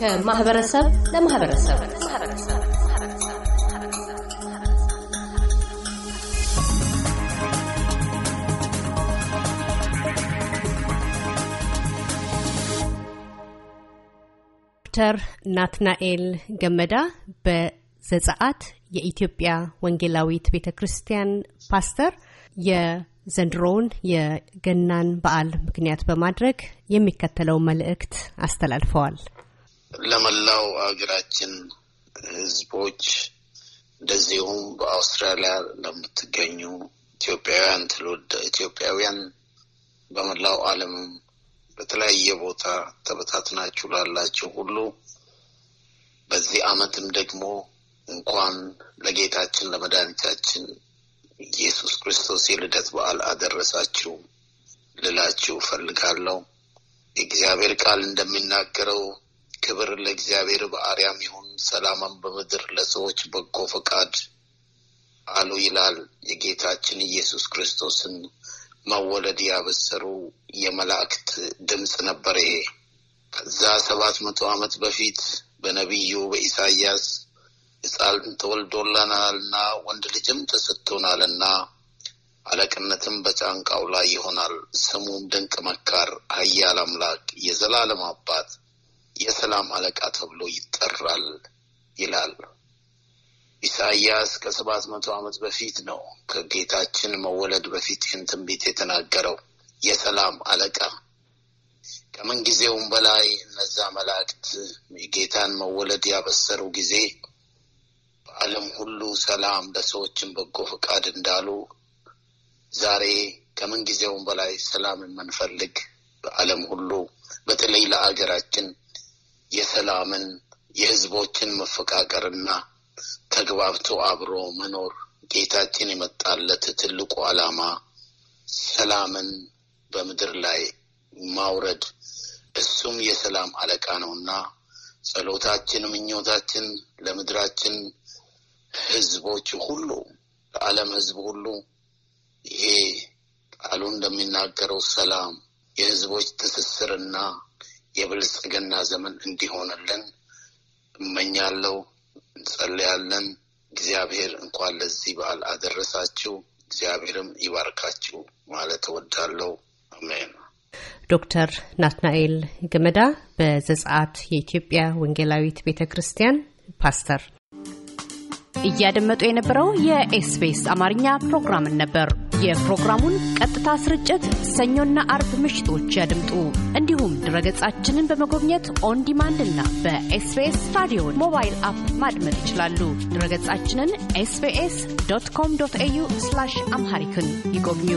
ከማህበረሰብ ለማህበረሰብ ዶክተር ናትናኤል ገመዳ በዘጸአት የኢትዮጵያ ወንጌላዊት ቤተ ክርስቲያን ፓስተር የዘንድሮውን የገናን በዓል ምክንያት በማድረግ የሚከተለው መልእክት አስተላልፈዋል። ለመላው ሀገራችን ህዝቦች እንደዚሁም በአውስትራሊያ ለምትገኙ ኢትዮጵያውያን ትውልደ ኢትዮጵያውያን በመላው አለም በተለያየ ቦታ ተበታትናችሁ ላላችሁ ሁሉ በዚህ ዓመትም ደግሞ እንኳን ለጌታችን ለመድኃኒታችን ኢየሱስ ክርስቶስ የልደት በዓል አደረሳችሁ ልላችሁ ፈልጋለሁ። የእግዚአብሔር ቃል እንደሚናገረው ክብር ለእግዚአብሔር በአርያም ይሁን ሰላማም በምድር ለሰዎች በጎ ፈቃድ አሉ ይላል የጌታችን ኢየሱስ ክርስቶስን መወለድ ያበሰሩ የመላእክት ድምፅ ነበር። ይሄ ከዛ ሰባት መቶ ዓመት በፊት በነቢዩ በኢሳያስ ሕፃን ተወልዶላናልና ወንድ ልጅም ተሰጥቶናልና አለቅነትም በጫንቃው ላይ ይሆናል፣ ስሙም ድንቅ መካር፣ ኃያል አምላክ፣ የዘላለም አባት የሰላም አለቃ ተብሎ ይጠራል ይላል። ኢሳይያስ ከሰባት መቶ ዓመት በፊት ነው ከጌታችን መወለድ በፊት ይህን ትንቢት የተናገረው። የሰላም አለቃ ከምንጊዜውም በላይ እነዛ መላእክት የጌታን መወለድ ያበሰሩ ጊዜ በዓለም ሁሉ ሰላም ለሰዎችን በጎ ፈቃድ እንዳሉ ዛሬ ከምንጊዜውም በላይ ሰላም የምንፈልግ በዓለም ሁሉ በተለይ ለአገራችን የሰላምን የህዝቦችን መፈቃቀርና ተግባብቶ አብሮ መኖር ጌታችን የመጣለት ትልቁ ዓላማ ሰላምን በምድር ላይ ማውረድ እሱም የሰላም አለቃ ነውና ጸሎታችን፣ ምኞታችን ለምድራችን ህዝቦች ሁሉ ለዓለም ህዝብ ሁሉ ይሄ ቃሉ እንደሚናገረው ሰላም የህዝቦች ትስስርና የብልጽግና ዘመን እንዲሆንልን እመኛለሁ። እንጸልያለን። እግዚአብሔር እንኳን ለዚህ በዓል አደረሳችሁ፣ እግዚአብሔርም ይባርካችሁ ማለት እወዳለሁ። አሜን። ዶክተር ናትናኤል ገመዳ በዘጸአት የኢትዮጵያ ወንጌላዊት ቤተ ክርስቲያን ፓስተር። እያደመጡ የነበረው የኤስቢኤስ አማርኛ ፕሮግራምን ነበር። የፕሮግራሙን ቀጥታ ስርጭት ሰኞና አርብ ምሽቶች ያድምጡ። እንዲሁም ድረገጻችንን በመጎብኘት ኦን ዲማንድ እና በኤስቢኤስ ራዲዮን ሞባይል አፕ ማድመጥ ይችላሉ። ድረገጻችንን ኤስቢኤስ ዶት ኮም ዶት ኤዩ አምሃሪክን ይጎብኙ።